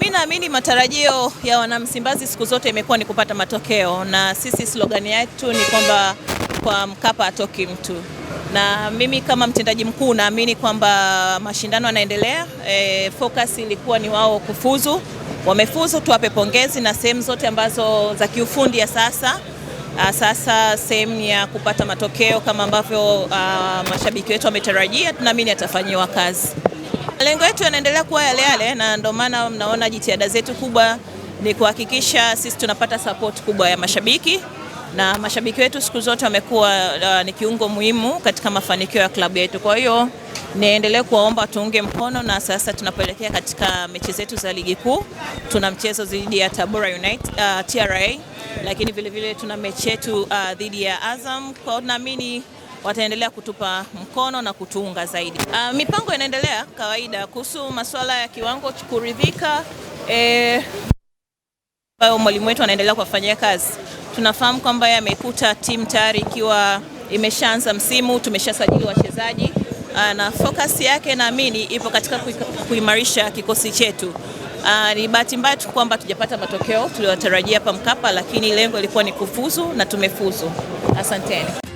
Mimi naamini matarajio ya wanamsimbazi siku zote imekuwa ni kupata matokeo, na sisi slogani yetu ni kwamba kwa Mkapa atoki mtu, na mimi kama mtendaji mkuu naamini kwamba mashindano yanaendelea. E, focus ilikuwa ni wao kufuzu, wamefuzu, tuwape pongezi na sehemu zote ambazo za kiufundi ya sasa sasa sehemu ya kupata matokeo kama ambavyo mashabiki wetu wametarajia, tunaamini atafanyiwa kazi. Malengo yetu yanaendelea kuwa yale yale, na ndio maana mnaona jitihada zetu kubwa ni kuhakikisha sisi tunapata support kubwa ya mashabiki, na mashabiki wetu siku zote wamekuwa uh, ni kiungo muhimu katika mafanikio ya klabu yetu. Kwa hiyo niendelee kuwaomba tuunge mkono, na sasa tunapoelekea katika mechi zetu za ligi kuu, tuna mchezo dhidi ya Tabora United, uh, TRA, lakini vilevile tuna mechi yetu uh, dhidi ya Azam. Kwa hiyo naamini wataendelea kutupa mkono na kutuunga zaidi. A, ah, mipango inaendelea kawaida kuhusu masuala ya kiwango kuridhika eh, ambayo e, mwalimu wetu anaendelea kuwafanyia kazi. Tunafahamu kwamba amekuta timu tayari ikiwa imeshaanza msimu, tumeshasajili wachezaji ah, na focus yake naamini ipo katika kuimarisha kikosi chetu. Uh, ni bahati mbaya tu kwamba tujapata matokeo tuliyotarajia hapa Mkapa, lakini lengo lilikuwa ni kufuzu na tumefuzu. Asanteni.